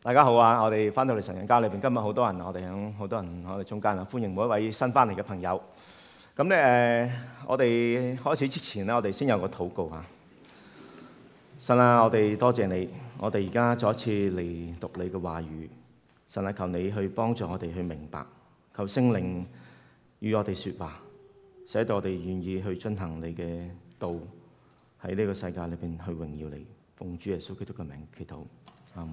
大家好啊！我哋翻到嚟神人家裏邊，今日好多人，我哋響好多人我哋中間啊，歡迎每一位新翻嚟嘅朋友。咁咧，呃，我哋開始之前呢，我哋先有個禱告啊。神啊，我哋多謝你。我哋而家再一次嚟讀你嘅話語。神啊，求你去幫助我哋去明白，求聖靈與我哋說話，使到我哋願意去進行你嘅道，喺呢個世界裏邊去榮耀你。奉主耶穌基督嘅名祈禱，阿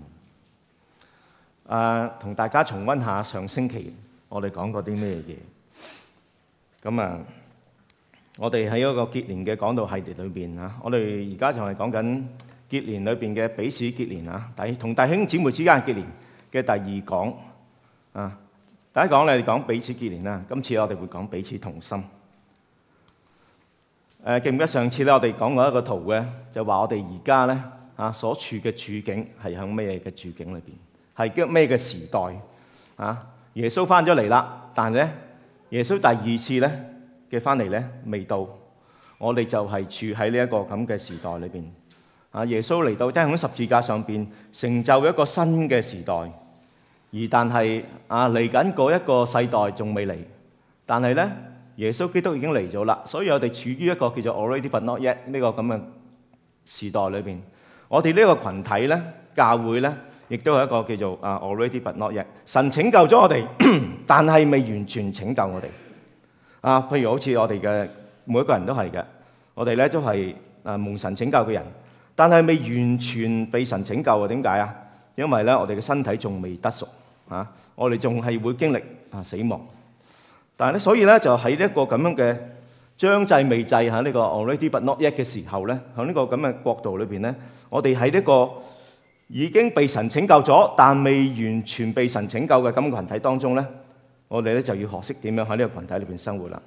啊，同大家重温下上星期我哋講過啲咩嘢。咁啊，我哋喺一個結連嘅講道系列裏邊啊，我哋而家就係講緊結連裏邊嘅彼此結連啊。第同弟兄姊妹之間嘅結連嘅第二講啊，第一講咧，講彼此結連啦。今次我哋會講彼此同心。誒、啊、記唔記得上次咧我哋講過一個圖咧，就話我哋而家咧啊所處嘅處境係喺咩嘢嘅處境裏邊？係咩嘅時代啊？耶穌翻咗嚟啦，但係咧，耶穌第二次咧嘅翻嚟咧未到，我哋就係處喺呢一個咁嘅時代裏邊啊！耶穌嚟到釘喺十字架上邊，成就一個新嘅時代，而但係啊，嚟緊嗰一個世代仲未嚟，但係咧，耶穌基督已經嚟咗啦，所以我哋處於一個叫做 already but not yet 呢個咁嘅時代裏邊。我哋呢個羣體咧，教會咧。亦都係一個叫做啊 already but not yet，神拯救咗我哋， 但係未完全拯救我哋。啊，譬如好似我哋嘅每一個人都係嘅，我哋咧都係啊蒙神拯救嘅人，但係未完全被神拯救啊？點解啊？因為咧我哋嘅身體仲未得贖啊，我哋仲係會經歷啊死亡。啊、但係咧，所以咧就喺一個咁樣嘅將濟未濟喺呢個 already but not yet 嘅時候咧，喺呢個咁嘅角度裏邊咧，我哋喺呢個。已經被神拯救咗，但未完全被神拯救嘅咁個群體當中咧，我哋咧就要學識點樣喺呢個群體裏邊生活啦。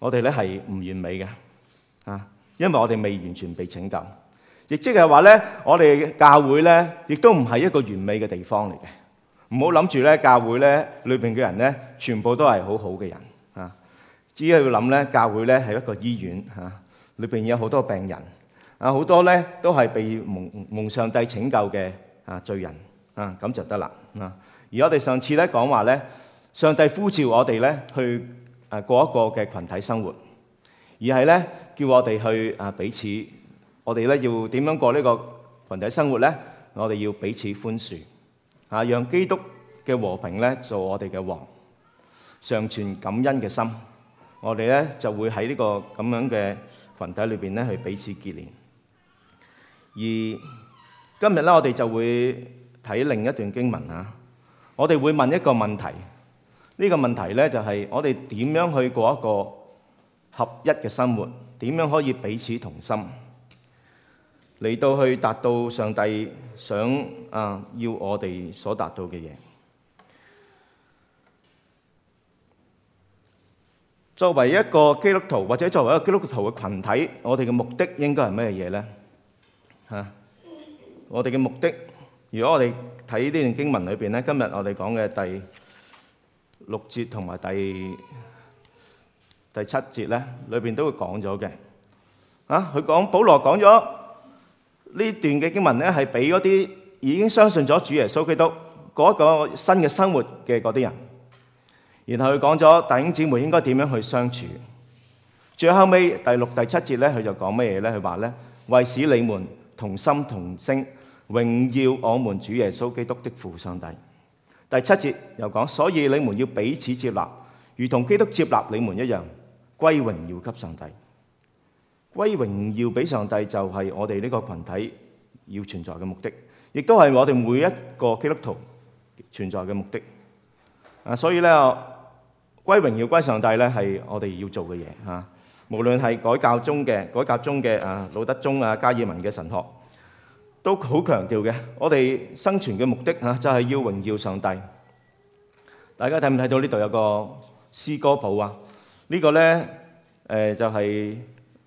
我哋咧係唔完美嘅，啊，因為我哋未完全被拯救，亦即係話咧，我哋嘅教會咧亦都唔係一個完美嘅地方嚟嘅。唔好諗住咧，教會咧裏邊嘅人咧全部都係好好嘅人，啊，只要要諗咧，教會咧係一個醫院，嚇，裏邊有好多病人。啊，好多咧都係被蒙蒙上帝拯救嘅啊罪人啊，咁就得啦啊！而我哋上次咧講話咧，上帝呼召我哋咧去誒過一個嘅群體生活，而係咧叫我哋去啊彼此，我哋咧要點樣過呢個群體生活咧？我哋要彼此寬恕啊，讓基督嘅和平咧做我哋嘅王，常存感恩嘅心，我哋咧就會喺呢個咁樣嘅群體裏邊咧去彼此結連。而今日咧，我哋就會睇另一段經文啊！我哋會問一個問題，呢個問題咧就係：我哋點樣去過一個合一嘅生活？點樣可以彼此同心，嚟到去達到上帝想啊要我哋所達到嘅嘢？作為一個基督徒或者作為一個基督徒嘅群體，我哋嘅目的應該係咩嘢咧？嚇、啊！我哋嘅目的，如果我哋睇呢段經文裏邊咧，今日我哋講嘅第六節同埋第第七節咧，裏邊都會講咗嘅。啊，佢講保羅講咗呢段嘅經文咧，係俾嗰啲已經相信咗主耶穌基督嗰、那個新嘅生活嘅嗰啲人。然後佢講咗弟兄姊妹應該點樣去相處。最後尾第六第七節咧，佢就講乜嘢咧？佢話咧，為使你們同心同聲，榮耀我們主耶穌基督的父上帝。第七節又講，所以你們要彼此接納，如同基督接納你們一樣，歸榮耀給上帝。歸榮耀俾上帝就係我哋呢個羣體要存在嘅目的，亦都係我哋每一個基督徒存在嘅目的。啊，所以咧，歸榮耀歸上帝咧，係我哋要做嘅嘢啊！無論係改革宗嘅、改革宗嘅啊、路德宗啊、加爾文嘅神學，都好強調嘅。我哋生存嘅目的啊，就係要榮耀上帝。大家睇唔睇到呢度有個詩歌譜啊？呢個咧誒就係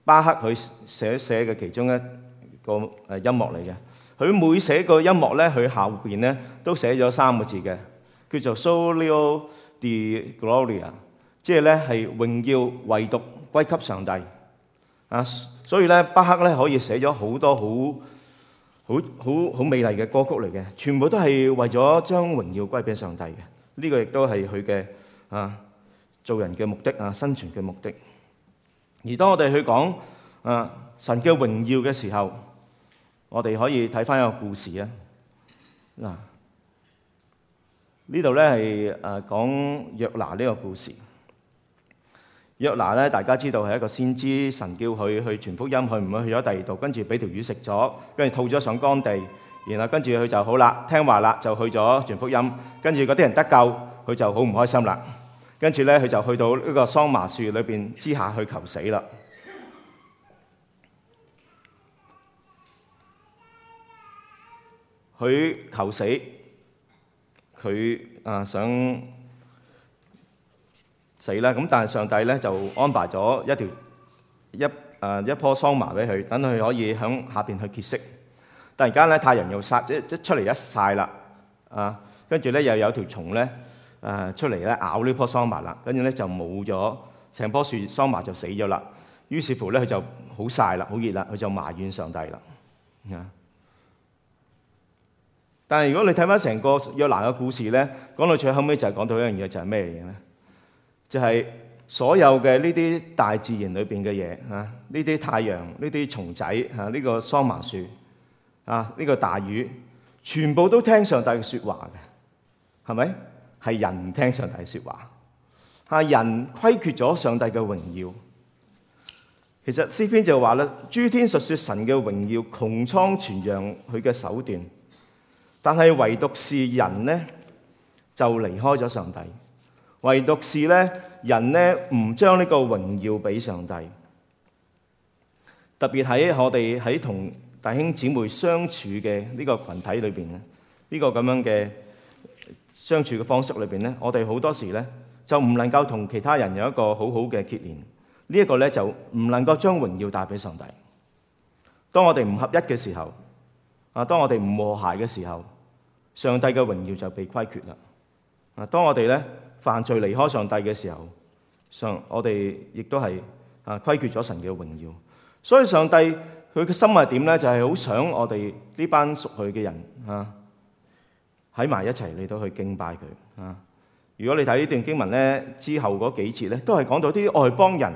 巴克佢寫寫嘅其中一個誒音樂嚟嘅。佢每寫個音樂咧，佢後邊咧都寫咗三個字嘅，叫做《Soli Deo Gloria》，即係咧係榮耀唯獨。歸給啊、很很歸給上帝、這個、啊，所以咧，巴克咧可以寫咗好多好好好好美麗嘅歌曲嚟嘅，全部都係為咗將榮耀歸俾上帝嘅。呢個亦都係佢嘅啊做人嘅目的啊，生存嘅目的。而當我哋去講啊神嘅榮耀嘅時候，我哋可以睇返一個故事啊。嗱，呢度咧係誒講約拿呢個故事。約拿咧，大家知道係一個先知，神叫佢去傳福音，佢唔去去咗第二度，跟住俾條魚食咗，跟住吐咗上乾地，然後跟住佢就好啦，聽話啦，就去咗傳福音，跟住嗰啲人得救，佢就好唔開心啦，跟住咧佢就去到呢個桑麻樹裏邊之下去求死啦，佢求死，佢啊想死啦！咁但係上帝咧就安排咗一條一誒一棵桑麻俾佢，等佢可以喺下邊去結息。突然間咧，太陽又曬，一一出嚟一曬啦，啊！跟住咧又有條蟲咧誒出嚟咧咬呢棵桑麻啦，跟住咧就冇咗成棵樹桑麻就死咗啦。於是乎咧，佢就好曬啦，好熱啦，佢就埋怨上帝啦。啊！但係如果你睇翻成個約拿嘅故事咧，講到最後尾就係講到一樣嘢，就係咩嘢咧？就係所有嘅呢啲大自然裏邊嘅嘢啊，呢啲太陽、呢啲蟲仔啊、呢、這個桑麻樹啊、呢、這個大魚，全部都聽上帝嘅説話嘅，係咪？係人唔聽上帝説話，嚇、啊、人虧缺咗上帝嘅榮耀。其實詩篇就話啦，諸天述説神嘅榮耀，穹蒼傳揚佢嘅手段，但係唯獨是人呢，就離開咗上帝。唯獨是咧，人咧唔將呢個榮耀俾上帝，特別喺我哋喺同弟兄姊妹相處嘅呢個群體裏邊咧，呢個咁樣嘅相處嘅方式裏邊咧，我哋好多時咧就唔能夠同其他人有一個好好嘅結連，呢一個咧就唔能夠將榮耀帶俾上帝。當我哋唔合一嘅時候，啊，當我哋唔和諧嘅時候，上帝嘅榮耀就被虧缺啦。啊，當我哋咧～犯罪離開上帝嘅時候，上我哋亦都係啊虧缺咗神嘅榮耀。所以上帝佢嘅心係點咧？就係、是、好想我哋呢班熟佢嘅人啊喺埋一齊嚟到去敬拜佢啊。如果你睇呢段經文咧之後嗰幾節咧，都係講到啲外邦人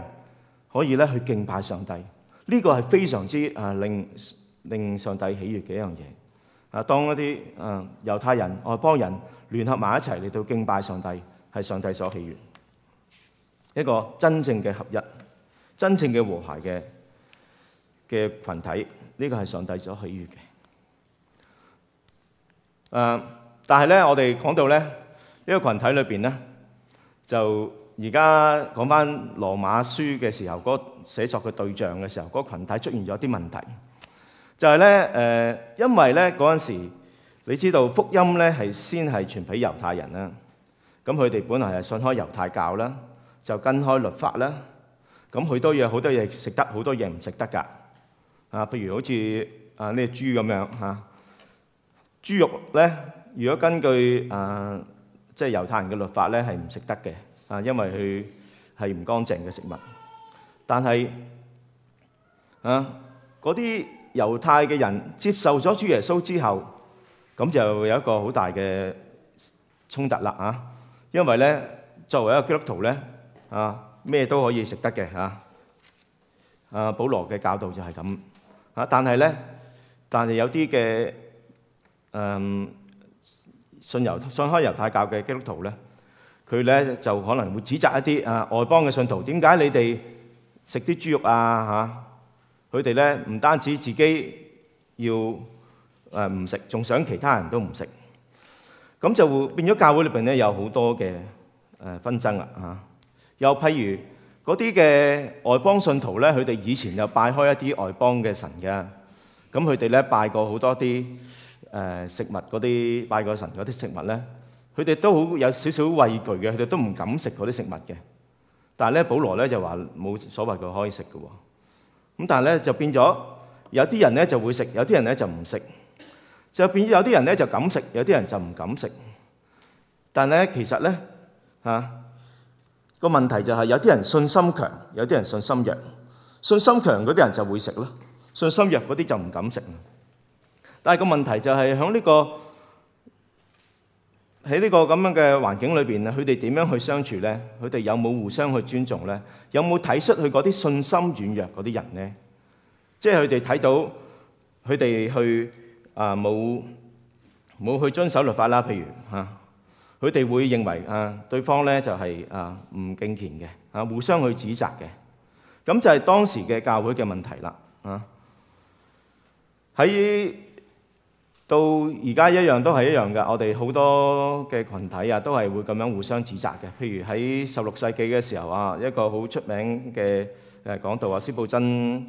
可以咧去敬拜上帝呢、這個係非常之啊令令上帝喜悅嘅一樣嘢啊。當一啲啊猶太人外邦人聯合埋一齊嚟到敬拜上帝。係上帝所喜悅一個真正嘅合一、真正嘅和諧嘅嘅羣體，呢、這個係上帝所喜悅嘅。誒、呃，但係咧，我哋講到咧呢、這個群體裏邊咧，就而家講翻羅馬書嘅時候，嗰、那、寫、個、作嘅對象嘅時候，嗰、那個、群體出現咗啲問題，就係咧誒，因為咧嗰陣時你知道福音咧係先係傳俾猶太人啦。咁佢哋本嚟係信開猶太教啦，就跟開律法啦。咁好多嘢，好多嘢食得，好多嘢唔食得㗎。啊，譬如好似啊呢豬咁樣吓，豬肉咧，如果根據啊即係猶太人嘅律法咧，係唔食得嘅。啊，因為佢係唔乾淨嘅食物。但係啊，嗰啲猶太嘅人接受咗主耶穌之後，咁就有一個好大嘅衝突啦。啊！因為咧，作為一個基督徒咧，啊，咩都可以食得嘅嚇。啊，保羅嘅教導就係咁。啊，但係咧，但係有啲嘅，嗯，信由信開猶太教嘅基督徒咧，佢咧就可能會指責一啲啊外邦嘅信徒，點解你哋食啲豬肉啊嚇？佢哋咧唔單止自己要誒唔食，仲想其他人都唔食。咁就變咗教會裏邊咧有好多嘅誒紛爭啦嚇、啊。又譬如嗰啲嘅外邦信徒咧，佢哋以前就拜開一啲外邦嘅神嘅。咁佢哋咧拜過好多啲誒、呃、食物嗰啲，拜過神嗰啲食物咧，佢哋都好有少少畏懼嘅，佢哋都唔敢食嗰啲食物嘅。但係咧，保羅咧就話冇所謂佢可以食嘅喎。咁但係咧就變咗，有啲人咧就會食，有啲人咧就唔食。就變有啲人咧就敢食，有啲人就唔敢食。但係咧其實咧嚇個問題就係有啲人信心強，有啲人信心弱。信心強嗰啲人就會食咯，信心弱嗰啲就唔敢食。但係個問題就係喺呢個喺呢個咁樣嘅環境裏邊咧，佢哋點樣去相處咧？佢哋有冇互相去尊重咧？有冇睇出佢嗰啲信心軟弱嗰啲人咧？即係佢哋睇到佢哋去。啊冇冇去遵守律法啦，譬如嚇，佢哋會認為啊對方咧就係啊唔敬虔嘅，啊互相去指責嘅，咁就係當時嘅教會嘅問題啦。啊喺到而家一樣都係一樣嘅，我哋好多嘅群體啊都係會咁樣互相指責嘅。譬如喺十六世紀嘅時候啊，一個好出名嘅誒講道啊，司布真。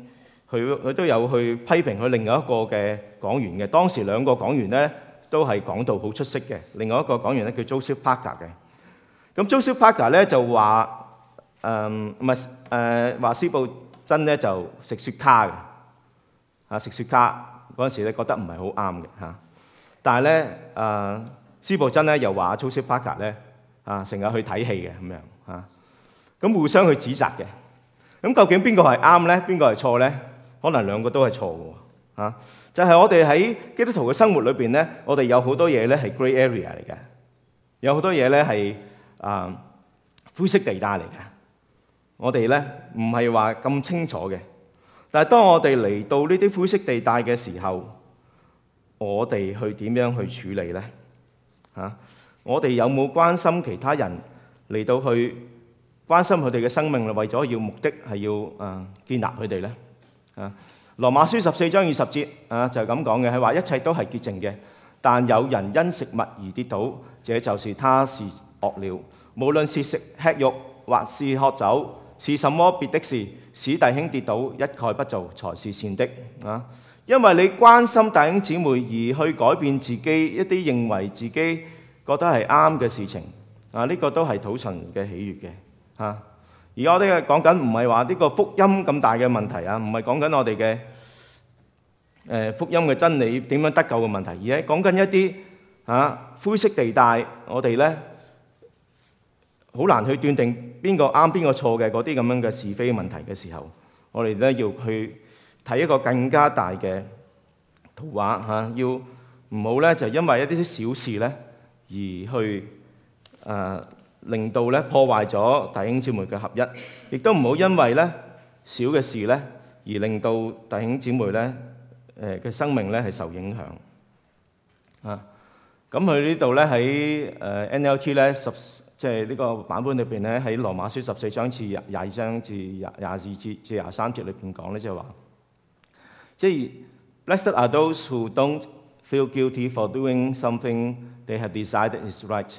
佢佢都有去批評佢另外一個嘅講員嘅，當時兩個講員咧都係講道好出色嘅。另外一個講員咧叫 Joseph Parker 嘅，咁 Joseph Parker 咧就話誒唔係誒，話司布真咧就雪、啊、食雪茄嘅，啊食雪茄嗰陣時咧覺得唔係好啱嘅嚇。但係咧誒司布真咧又話 Joseph Parker 咧啊成日去睇戲嘅咁樣嚇，咁、啊啊、互相去指責嘅。咁究竟邊個係啱咧？邊個係錯咧？可能兩個都係錯嘅嚇，就係、是、我哋喺基督徒嘅生活裏邊咧，我哋有好多嘢咧係 grey area 嚟嘅，有好多嘢咧係啊灰色地帶嚟嘅。我哋咧唔係話咁清楚嘅，但係當我哋嚟到呢啲灰色地帶嘅時候，我哋去點樣去處理咧嚇、啊？我哋有冇關心其他人嚟到去關心佢哋嘅生命啦？為咗要目的係要啊建立佢哋咧？啊，羅馬書十四章二十節啊，就係咁講嘅，係話一切都係潔淨嘅，但有人因食物而跌倒，這就是他是惡了。無論是食吃，吃肉或是喝酒，是什麼別的事，使弟兄跌倒，一概不做才是善的啊。因為你關心弟兄姊妹而去改變自己一啲認為自己覺得係啱嘅事情，啊，呢個都係討神嘅喜悅嘅，嚇。而家我哋講緊唔係話呢個福音咁大嘅問題啊，唔係講緊我哋嘅誒福音嘅真理點樣得救嘅問題，而係講緊一啲嚇灰色地帶，我哋咧好難去斷定邊個啱邊個錯嘅嗰啲咁樣嘅是非問題嘅時候，我哋咧要去睇一個更加大嘅圖畫嚇，要唔好咧就因為一啲小事咧而去誒。呃令到咧破壞咗弟兄姊妹嘅合一，亦都唔好因為咧少嘅事咧，而令到弟兄姊妹咧誒嘅生命咧係受影響啊！咁佢呢度咧喺誒、uh, NLT 咧十即係呢個版本裏邊咧喺羅馬書十四章至廿二章至廿廿二節至廿三節裏邊講咧就話、是，即係 Blessed are those who don't feel guilty for doing something they have decided is right。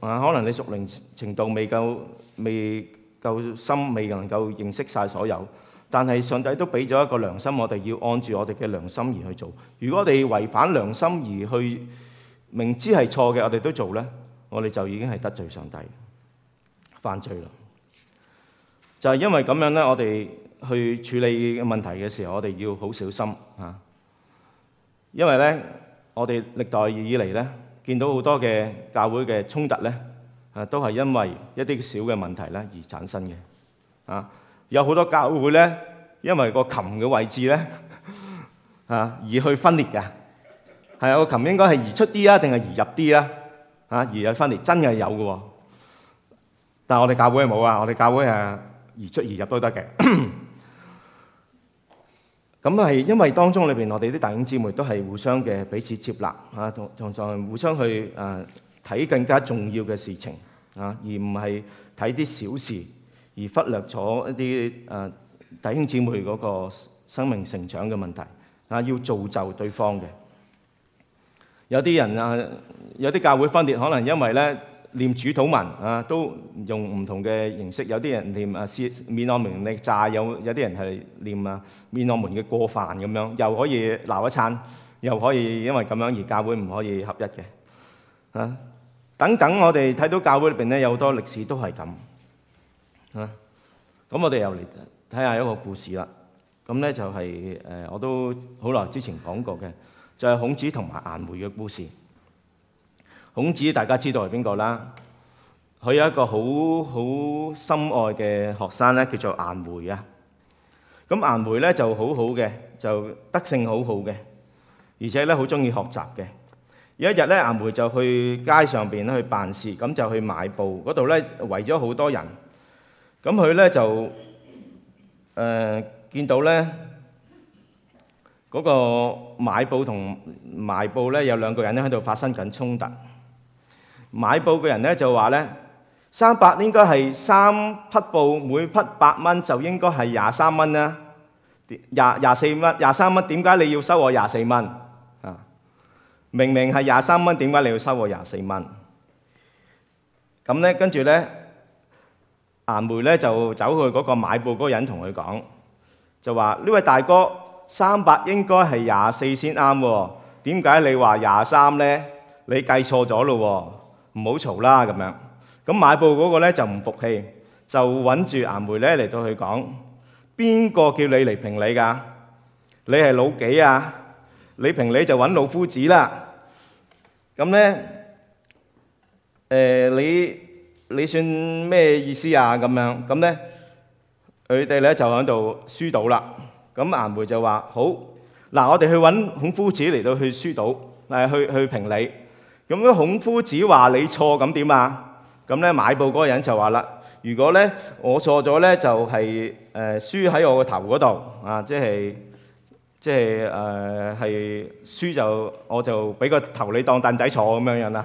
啊，可能你熟練程度未夠，未夠深，未能夠認識晒所有。但係上帝都俾咗一個良心，我哋要按住我哋嘅良心而去做。如果我哋違反良心而去，明知係錯嘅，我哋都做咧，我哋就已經係得罪上帝，犯罪啦。就係因為咁樣咧，我哋去處理問題嘅時候，我哋要好小心啊。因為咧，我哋歷代以嚟咧。見到好多嘅教會嘅衝突咧，啊，都係因為一啲小嘅問題咧而產生嘅。啊，有好多教會咧，因為個琴嘅位置咧，啊，而去分裂嘅。係啊，個琴應該係移出啲啊，定係移入啲啊？啊，移入分裂真係有㗎喎。但係我哋教會係冇啊，我哋教會係，移出移入都得嘅。 咁係因為當中裏邊，我哋啲弟兄姊妹都係互相嘅彼此接納啊，同同時互相去誒睇、啊、更加重要嘅事情啊，而唔係睇啲小事，而忽略咗一啲誒弟兄姊妹嗰個生命成長嘅問題啊，要造就對方嘅。有啲人啊，有啲教會分裂，可能因為咧。念主禱文啊，都用唔同嘅形式。有啲人念啊，係免我們的債；有有啲人係念啊，免我們嘅過犯咁樣，又可以鬧一餐，又可以因為咁樣而教會唔可以合一嘅啊！等等，我哋睇到教會裏邊咧有好多歷史都係咁啊。咁我哋又嚟睇下一個故事啦。咁咧就係、是、誒、呃，我都好耐之前講過嘅，就係、是、孔子同埋顏回嘅故事。孔子大家知道係邊個啦？佢有一個好好心愛嘅學生咧，叫做顏回啊。咁顏回咧就好好嘅，就德性好好嘅，而且咧好中意學習嘅。有一日咧，顏回就去街上邊咧去辦事，咁就去買布，嗰度咧圍咗好多人。咁佢咧就誒見到咧嗰個買布同賣布咧有兩個人咧喺度發生緊衝突。買布嘅人咧就話咧，三百應該係三匹布，每匹八蚊就應該係廿三蚊啦。廿廿四蚊、廿三蚊，點解你要收我廿四蚊啊？明明係廿三蚊，點解你要收我廿四蚊？咁咧，跟住咧，顏梅咧就走去嗰個買布嗰個人同佢講，就話呢位大哥，三百應該係廿四先啱喎，點解你話廿三咧？你計錯咗咯喎！唔好嘈啦，咁樣咁買布嗰個咧就唔服氣，就揾住顏回咧嚟到去講：邊個叫你嚟評理㗎？你係老幾啊？你評理就揾老夫子啦。咁咧，誒你你算咩意思啊？咁樣咁咧，佢哋咧就喺度輸賭啦。咁顏回就話：好，嗱我哋去揾孔夫子嚟到去輸賭誒去去評理。咁咧，孔夫子話你錯咁點啊？咁咧買布嗰個人就話啦：如果咧我錯咗咧，就係、是、誒、呃、輸喺我個頭嗰度啊，即係即係誒係輸就我就俾個頭你當凳仔坐咁樣樣啦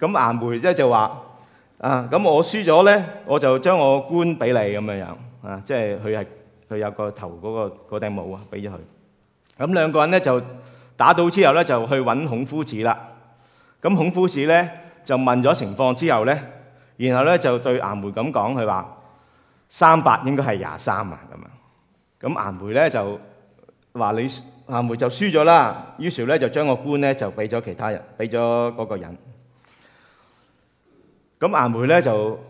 嚇。咁顏回咧就話啊，咁我輸咗咧，我就將我冠俾你咁樣樣啊，即係佢係佢有個頭嗰、嗰個頂帽啊，俾咗佢。咁兩個人咧就打到之後咧，就去揾孔夫子啦。咁孔夫子咧就問咗情況之後咧，然後咧就對顏回咁講：佢話三八應該係廿三啊咁啊。咁顏回咧就話你顏回就輸咗啦。於是咧就將個官咧就俾咗其他人，俾咗嗰個人。咁顏回咧就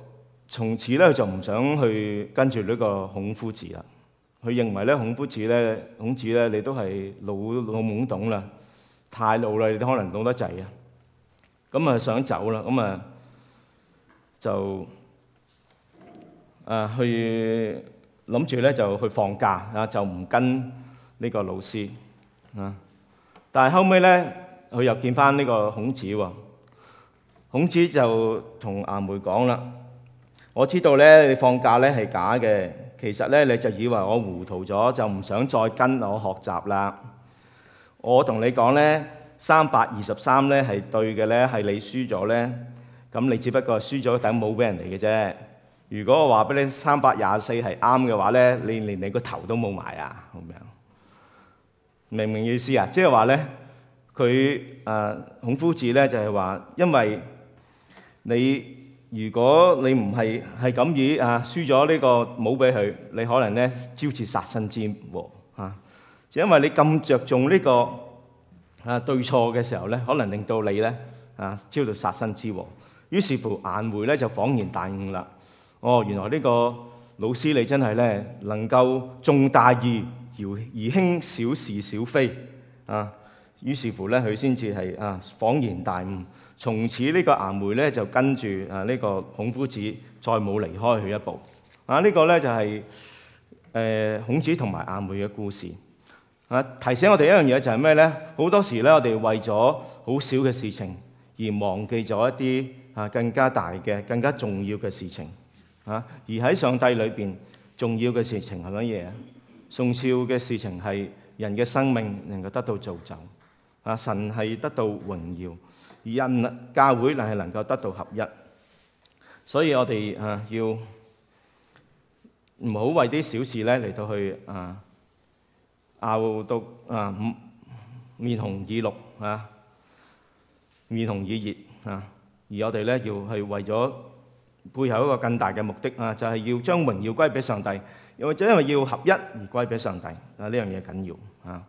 從此咧就唔想去跟住呢個孔夫子啦。佢認為咧孔夫子咧孔子咧你都係老老懵懂啦，太老啦，你都可能老得滯啊。咁啊想走啦，咁啊就啊去諗住咧就去放假啊，就唔跟呢個老師啊。但係後尾咧，佢又見翻呢個孔子喎。孔子就同顏回講啦：我知道咧你放假咧係假嘅，其實咧你就以為我糊塗咗，就唔想再跟我學習啦。我同你講咧。三百二十三咧係對嘅咧，係你輸咗咧，咁你只不過係輸咗頂帽俾人哋嘅啫。如果我話俾你三百廿四係啱嘅話咧，你連你個頭都冇埋啊！咁樣明唔明意思啊？即係話咧，佢誒孔夫子咧就係話，因為你如果你唔係係咁以啊，輸咗呢個帽俾佢，你可能咧招致殺身之禍啊！就因為你咁着重呢個。啊，對錯嘅時候咧，可能令到你咧啊，遭到殺身之禍。於是乎，顏回咧就恍然大悟啦。哦，原來呢個老師你真係咧能夠重大義，而而輕小是小非啊。於是乎咧，佢先至係啊恍然大悟。從此呢、這個顏回咧就跟住啊呢、這個孔夫子，再冇離開佢一步。啊，這個、呢個咧就係、是、誒、呃、孔子同埋顏回嘅故事。提醒我哋一樣嘢就係咩呢？好多時咧，我哋為咗好少嘅事情而忘記咗一啲啊更加大嘅、更加重要嘅事情啊！而喺上帝裏邊重要嘅事情係乜嘢啊？重要嘅事情係人嘅生命能夠得到造就啊！神係得到榮耀，而人教會能係能夠得到合一。所以我哋啊，要唔好為啲小事咧嚟到去啊～拗到啊，面紅耳綠啊，面紅耳熱啊，而我哋咧要係為咗背後一個更大嘅目的啊，就係要將榮耀歸俾上帝，又或者因為要合一而歸俾上帝啊，呢樣嘢緊要啊。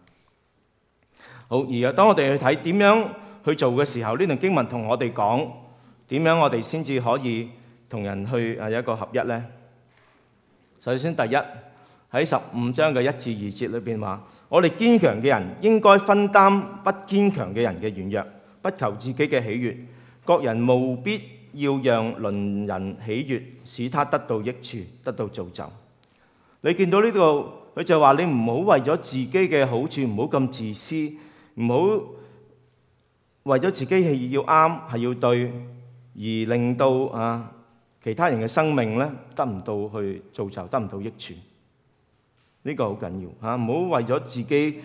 好，而當我哋去睇點樣去做嘅時候，呢段經文同我哋講點樣，我哋先至可以同人去啊有一個合一呢。首先，第一。喺十五章嘅一至二節裏邊話，我哋堅強嘅人應該分擔不堅強嘅人嘅軟弱，不求自己嘅喜悅。各人務必要讓鄰人喜悅，使他得到益處，得到造就。你見到呢度，佢就話你唔好為咗自己嘅好處，唔好咁自私，唔好為咗自己係要啱，係要對，而令到啊其他人嘅生命咧得唔到去造就，得唔到益處。呢個好緊要嚇，啊，唔好為咗自己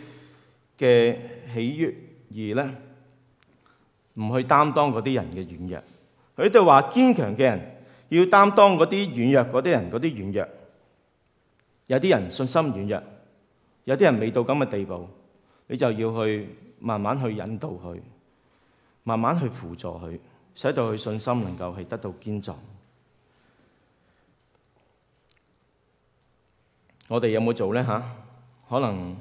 嘅喜悅而咧唔去擔當嗰啲人嘅軟弱。佢哋話堅強嘅人要擔當嗰啲軟弱，嗰啲人嗰啲軟弱。有啲人信心軟弱，有啲人未到咁嘅地步，你就要去慢慢去引導佢，慢慢去輔助佢，使到佢信心能夠係得到堅壯。我哋有冇做咧嚇？可能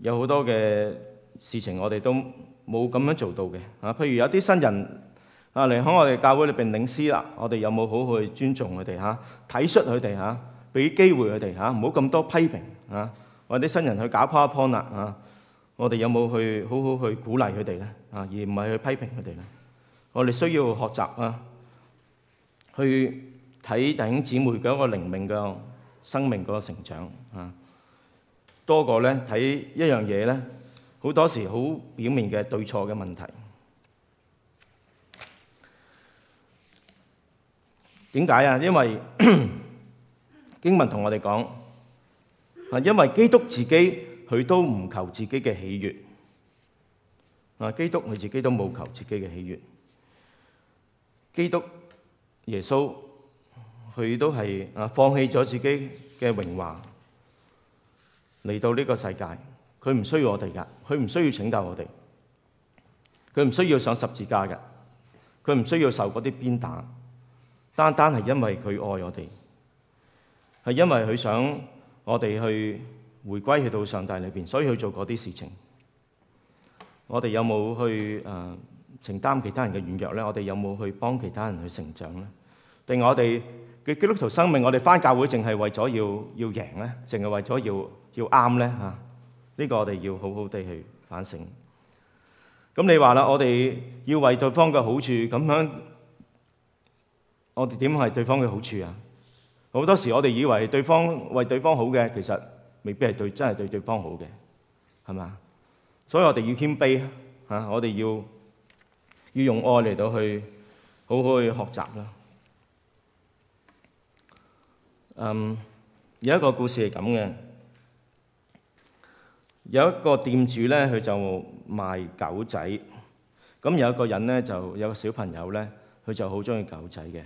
有好多嘅事情我哋都冇咁樣做到嘅嚇、啊。譬如有啲新人啊嚟喺我哋教會裏邊領詩啦，我哋有冇好，好去尊重佢哋嚇？體恤佢哋嚇，俾、啊、機會佢哋嚇，唔好咁多批評嚇，我哋啲新人去搞 PowerPoint 嚇，我哋有冇去好好去鼓勵佢哋咧嚇？而唔係去批評佢哋咧。我哋需要學習啊，去睇弟兄姊妹嘅一個靈命嘅。生命嗰個成長啊，多過呢睇一樣嘢呢，好多時好表面嘅對錯嘅問題。點解啊？因為經文同我哋講啊，因為基督自己佢都唔求自己嘅喜悅啊，基督佢自己都冇求自己嘅喜悅。基督耶穌。佢都係啊，放棄咗自己嘅榮華嚟到呢個世界。佢唔需要我哋噶，佢唔需要拯救我哋，佢唔需要上十字架嘅，佢唔需要受嗰啲鞭打。單單係因為佢愛我哋，係因為佢想我哋去回歸去到上帝裏邊，所以去做嗰啲事情。我哋有冇去啊、呃、承擔其他人嘅軟弱咧？我哋有冇去幫其他人去成長咧？定我哋嘅基督徒生命，我哋翻教會淨係為咗要要贏咧，淨係為咗要要啱咧嚇。呢個我哋要好好地去反省。咁你話啦，我哋要為對方嘅好處咁樣，我哋點係對方嘅好處啊？好多時我哋以為對方為對方好嘅，其實未必係對，真係對對方好嘅，係嘛？所以我哋要謙卑嚇，我哋要要用愛嚟到去好好去學習啦。嗯，um, 有一個故事係咁嘅。有一個店主咧，佢就賣狗仔。咁有一個人咧，就有個小朋友咧，佢就好中意狗仔嘅。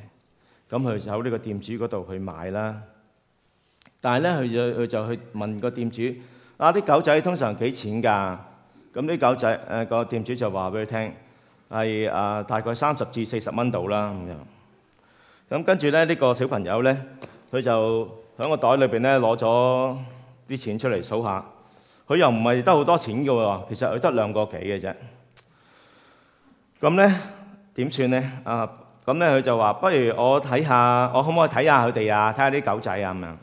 咁佢就喺呢個店主嗰度去買啦。但係咧，佢就佢就去問個店主：啊，啲狗仔通常幾錢㗎？咁啲狗仔，誒、呃、個店主就話俾佢聽係啊，大概三十至四十蚊度啦咁樣。咁跟住咧，呢、這個小朋友咧。佢就喺個袋裏邊咧攞咗啲錢出嚟數下，佢又唔係得好多錢嘅喎，其實佢得兩個幾嘅啫。咁咧點算咧？啊，咁咧佢就話：不如我睇下，我可唔可以睇下佢哋啊？睇下啲狗仔啊咁樣。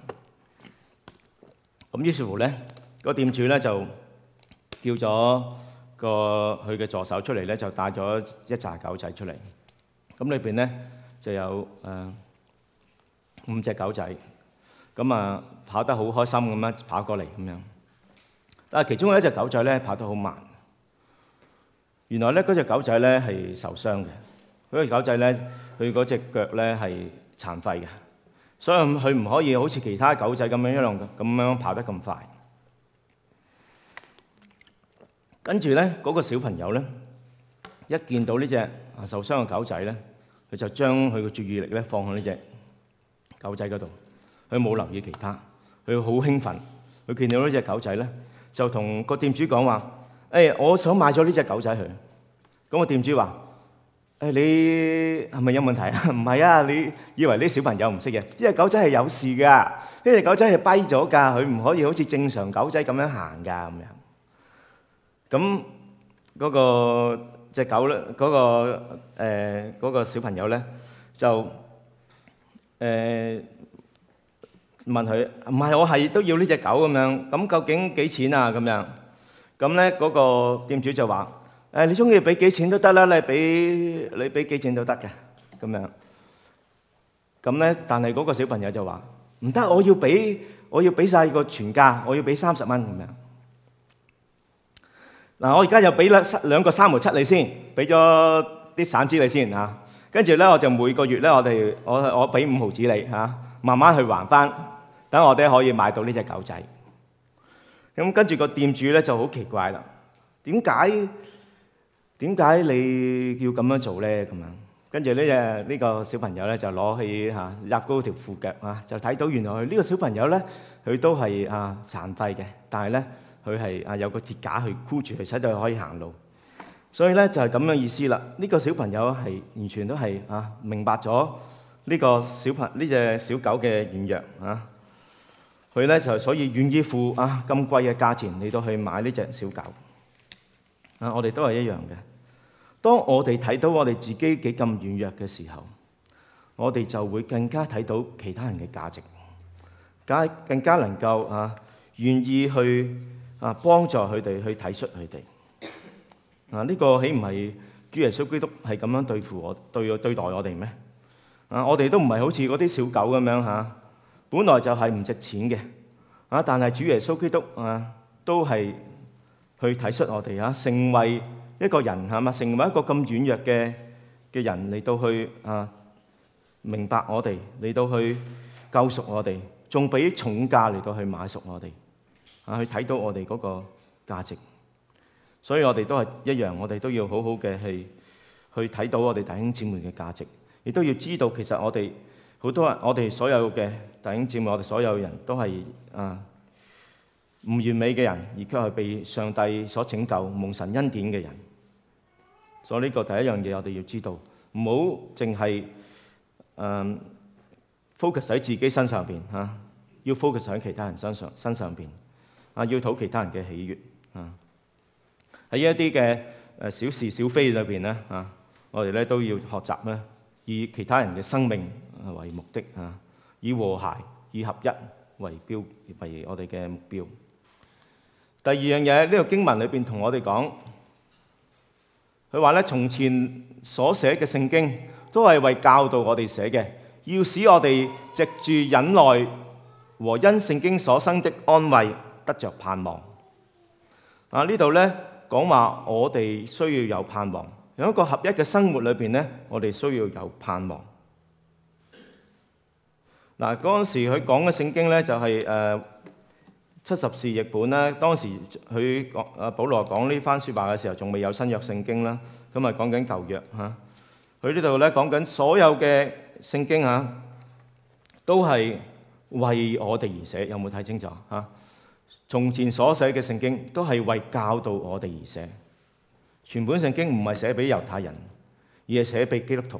咁於是乎咧，個店主咧就叫咗個佢嘅助手出嚟咧，就帶咗一揸狗仔出嚟。咁裏邊咧就有誒。五隻狗仔咁啊，跑得好開心咁樣跑過嚟咁樣。但係其中有一隻狗仔咧，跑得好慢。原來咧，嗰隻狗仔咧係受傷嘅。嗰隻狗仔咧，佢嗰隻腳咧係殘廢嘅，所以佢唔可以好似其他狗仔咁樣一樣咁樣跑得咁快。跟住咧，嗰個小朋友咧，一見到呢隻啊受傷嘅狗仔咧，佢就將佢嘅注意力咧放喺呢隻。狗仔嗰度，佢冇留意其他，佢好興奮，佢見到呢隻狗仔咧，就同個店主講話：，誒，我想買咗呢隻狗仔佢。咁個店主話：，誒，你係咪有問題啊？唔係啊，你以為啲小朋友唔識嘢？呢隻狗仔係有事噶，呢隻狗仔係跛咗噶，佢唔可以好似正常狗仔咁樣行噶咁樣。咁嗰個隻狗咧，嗰個誒嗰個小朋友咧就。誒問佢，唔係我係都要呢隻狗咁樣，咁究竟幾錢啊？咁樣咁咧，嗰個店主就話：誒你中意俾幾錢都得啦，你俾你俾幾錢都得嘅，咁樣咁咧。但係嗰個小朋友就話：唔得，我要俾我要俾曬個全價，我要俾三十蚊咁樣。嗱，我而家又俾兩兩個三毛七你先，俾咗啲散紙你先嚇。跟住呢，我就每個月呢，我哋我我俾五毫子你嚇，慢慢去還翻，等我哋可以買到呢隻狗仔。咁跟住個店主呢就好奇怪啦，點解點解你要咁樣做呢？咁樣跟住呢隻呢個小朋友呢就攞起嚇，拉高條褲腳啊，就睇到原來呢個小朋友呢，佢都係啊殘廢嘅，但係呢佢係啊有個鐵架去箍住佢，使到佢可以行路。所以咧就係咁嘅意思啦。呢個小朋友係完全都係啊明白咗呢個小朋呢隻小狗嘅軟弱啊。佢咧就所以願意付啊咁貴嘅價錢嚟到去買呢隻小狗。啊，我哋都係一樣嘅。當我哋睇到我哋自己幾咁軟弱嘅時候，我哋就會更加睇到其他人嘅價值，加更加能夠啊願意去啊幫助佢哋去體恤佢哋。啊！呢個豈唔係主耶穌基督係咁樣對付我、對對待我哋咩？啊！我哋都唔係好似嗰啲小狗咁樣嚇，本來就係唔值錢嘅啊！但係主耶穌基督啊，都係去體恤我哋啊，成為一個人嚇嘛，成為一個咁軟弱嘅嘅人嚟到去啊，明白我哋嚟到去救贖我哋，仲俾重價嚟到去買贖我哋啊，去睇到我哋嗰個價值。所以我哋都係一樣，我哋都要好好嘅去去睇到我哋弟兄姊妹嘅價值，亦都要知道其實我哋好多人我哋所有嘅弟兄姊妹，我哋所有人都係啊唔完美嘅人，而卻係被上帝所拯救蒙神恩典嘅人。所以呢個第一樣嘢我哋要知道，唔好淨係 focus 喺自己身上邊嚇、啊，要 focus 喺其他人身上身上邊啊，要討其他人嘅喜悅啊。喺一啲嘅誒小是小非裏邊咧嚇，我哋咧都要學習咧，以其他人嘅生命為目的嚇，以和諧以合一為標為我哋嘅目標。第二樣嘢呢個經文裏邊同我哋講，佢話咧從前所寫嘅聖經都係為教導我哋寫嘅，要使我哋藉住忍耐和因聖經所生的安慰得着盼望。啊，呢度咧～講話我哋需要有盼望，有一個合一嘅生活裏邊呢，我哋需要有盼望。嗱、就是，嗰陣時佢講嘅聖經呢，就係誒七十士譯本啦。當時佢講阿保羅講呢番説話嘅時候，仲未有新約聖經啦，咁啊講緊舊約嚇。佢呢度呢講緊所有嘅聖經嚇、啊，都係為我哋而寫。有冇睇清楚啊？從前所寫嘅聖經都係為教導我哋而寫，全本聖經唔係寫俾猶太人，而係寫俾基督徒。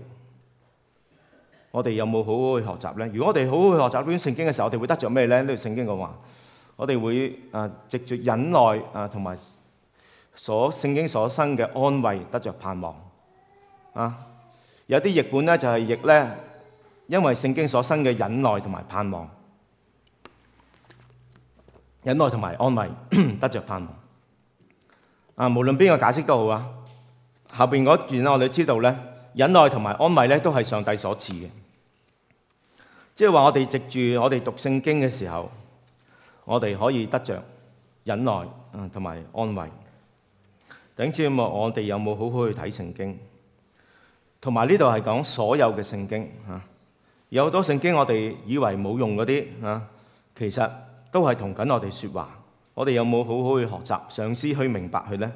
我哋有冇好好去學習咧？如果我哋好好去學習呢本聖經嘅時候，我哋會得着咩咧？呢個聖經講話，我哋會啊藉住忍耐啊，同埋所聖經所生嘅安慰，得着盼望啊。有啲譯本咧就係譯咧，因為聖經所生嘅忍耐同埋盼望。忍耐同埋安慰 得着盼望啊！無論邊個解釋都好啊，後邊嗰段咧，我哋知道咧，忍耐同埋安慰咧，都係上帝所賜嘅。即係話我哋藉住我哋讀聖經嘅時候，我哋可以得着忍耐啊，同埋安慰。頂知咁我哋有冇好好去睇聖經？同埋呢度係講所有嘅聖經啊，有好多聖經我哋以為冇用嗰啲啊，其實。都係同緊我哋說話，我哋有冇好好去學習、嘗試去明白佢呢？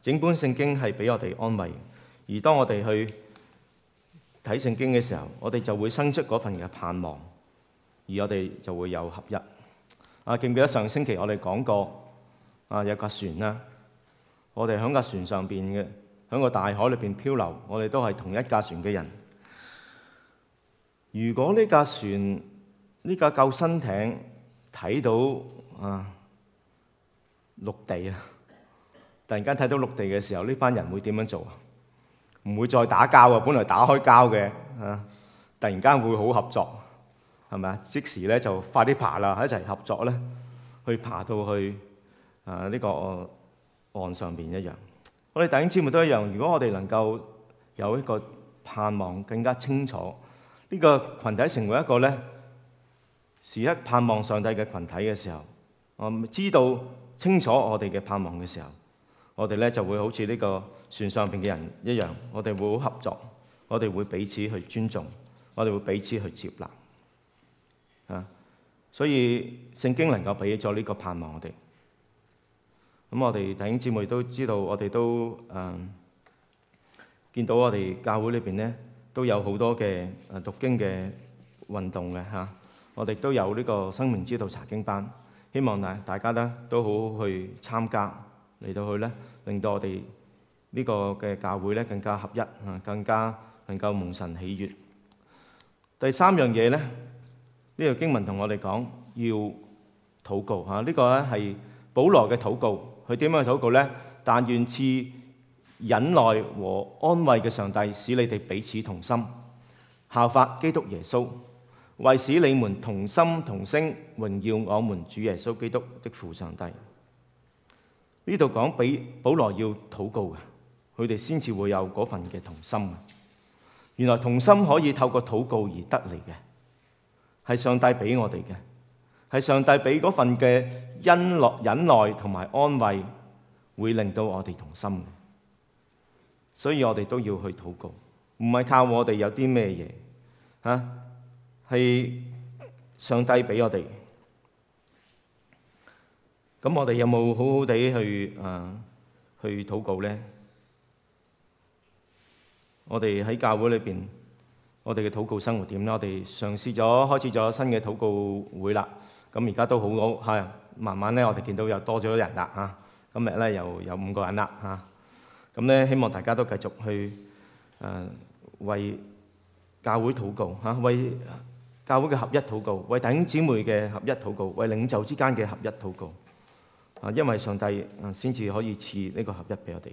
整本聖經係俾我哋安慰，而當我哋去睇聖經嘅時候，我哋就會生出嗰份嘅盼望，而我哋就會有合一。啊，記唔記得上星期我哋講過啊？有架船啦，我哋響架船上邊嘅，響個大海裏邊漂流，我哋都係同一架船嘅人。如果呢架船，呢架救生艇睇到啊陸地啊，突然間睇到陸地嘅時候，呢班人會點樣做啊？唔會再打交啊！本來打開交嘅啊，突然間會好合作係咪啊？即時咧就快啲爬啦，一齊合作咧，去爬到去啊呢個岸上邊一樣。我哋弟兄姊妹都一樣。如果我哋能夠有一個盼望更加清楚，呢個群體成為一個咧。時刻盼望上帝嘅群體嘅時候，我知道清楚我哋嘅盼望嘅時候，我哋咧就會好似呢個船上邊嘅人一樣。我哋會好合作，我哋會彼此去尊重，我哋會彼此去接納啊。所以聖經能夠俾咗呢個盼望我哋。咁我哋弟兄姊妹都知道，我哋都誒見、嗯、到我哋教會裏邊咧都有好多嘅誒讀經嘅運動嘅嚇。我哋都有呢個生命之道查經班，希望大大家咧都好好去參加嚟到去咧，令到我哋呢個嘅教會咧更加合一啊，更加能夠蒙神喜悅。第三樣嘢咧，呢個經文同我哋講要禱告嚇，呢個咧係保羅嘅禱告，佢點樣禱告咧？但願賜忍耐和安慰嘅上帝使你哋彼此同心，效法基督耶穌，為使你們同心同聲榮耀我們主耶穌基督的父上帝，呢度講俾保羅要禱告嘅，佢哋先至會有嗰份嘅同心。原來同心可以透過禱告而得嚟嘅，係上帝俾我哋嘅，係上帝俾嗰份嘅恩樂忍耐同埋安慰，會令到我哋同心。所以我哋都要去禱告，唔係靠我哋有啲咩嘢吓。啊係上帝俾我哋，咁我哋有冇好好地去誒去禱告咧？我哋喺教會裏邊，我哋嘅禱告生活點咧？我哋嘗試咗開始咗新嘅禱告會啦，咁而家都好好係慢慢咧，我哋見到又多咗人啦嚇，今日咧又有五個人啦嚇，咁咧希望大家都繼續去誒為教會禱告嚇，為。教會嘅合一禱告，為弟兄姊妹嘅合一禱告，為領袖之間嘅合一禱告。啊，因為上帝先至可以賜呢個合一俾我哋。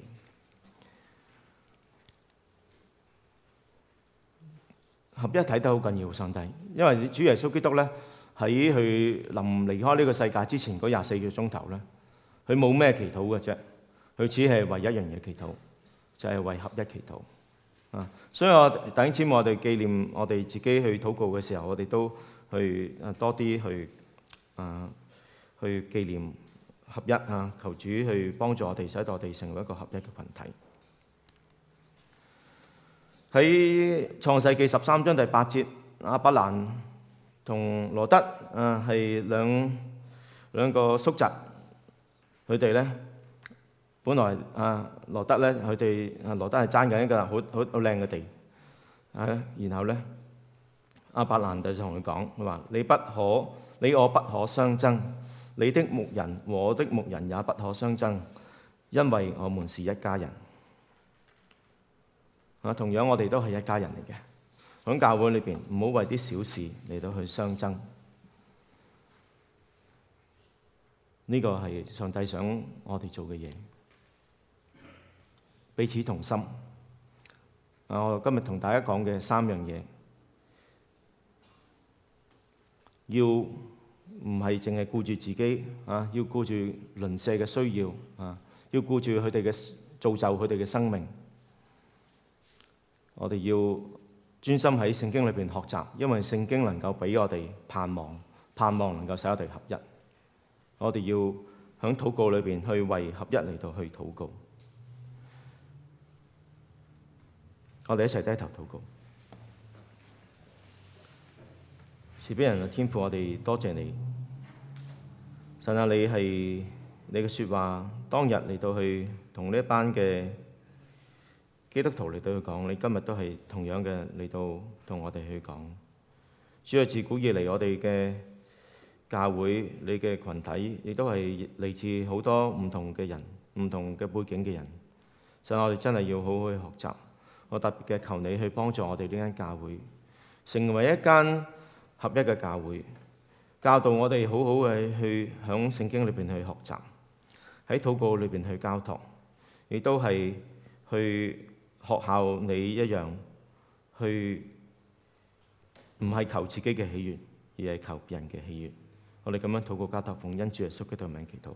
合一睇得好緊要，上帝，因為主耶穌基督咧喺佢臨離開呢個世界之前嗰廿四個鐘頭咧，佢冇咩祈禱嘅啫，佢只係為一樣嘢祈禱，就係為合一祈禱。啊！所以我等次我哋紀念我哋自己去禱告嘅時候，我哋都去多啲去啊、呃，去紀念合一啊！求主去幫助我哋，使到我哋成為一個合一嘅群體。喺創世記十三章第八節，亞伯蘭同羅得啊，係兩兩個叔侄，佢哋咧。本來阿、啊、羅德咧，佢哋阿羅德係爭緊一個好好好靚嘅地，係、啊、然後咧阿伯蘭就同佢講：佢話你不可，你我不可相爭，你的牧人和我的牧人也不可相爭，因為我們是一家人。啊，同樣我哋都係一家人嚟嘅，喺教會裏邊唔好為啲小事嚟到去相爭。呢、呢個係上帝想我哋做嘅嘢。彼此同心。啊，我今日同大家講嘅三樣嘢，要唔係淨係顧住自己啊，要顧住鄰舍嘅需要啊，要顧住佢哋嘅造就佢哋嘅生命。我哋要專心喺聖經裏邊學習，因為聖經能夠俾我哋盼望，盼望能夠使我哋合一。我哋要喺禱告裏邊去為合一嚟到去禱告。我哋一齊低頭禱告，慈悲人嘅天父，我哋多謝你。神啊，你係你嘅說話當日嚟到去同呢一班嘅基督徒嚟到去講，你今日都係同樣嘅嚟到同我哋去講。主要自古以嚟我哋嘅教會，你嘅群體亦都係嚟自好多唔同嘅人、唔同嘅背景嘅人。神啊，我哋真係要好好去學習。我特別嘅求你去幫助我哋呢間教會，成為一間合一嘅教會，教導我哋好好嘅去喺聖經裏邊去學習，喺禱告裏邊去交託，亦都係去學校你一樣去，唔係求自己嘅喜悅，而係求別人嘅喜悅。我哋咁樣禱告交託奉恩主耶穌基督名祈禱。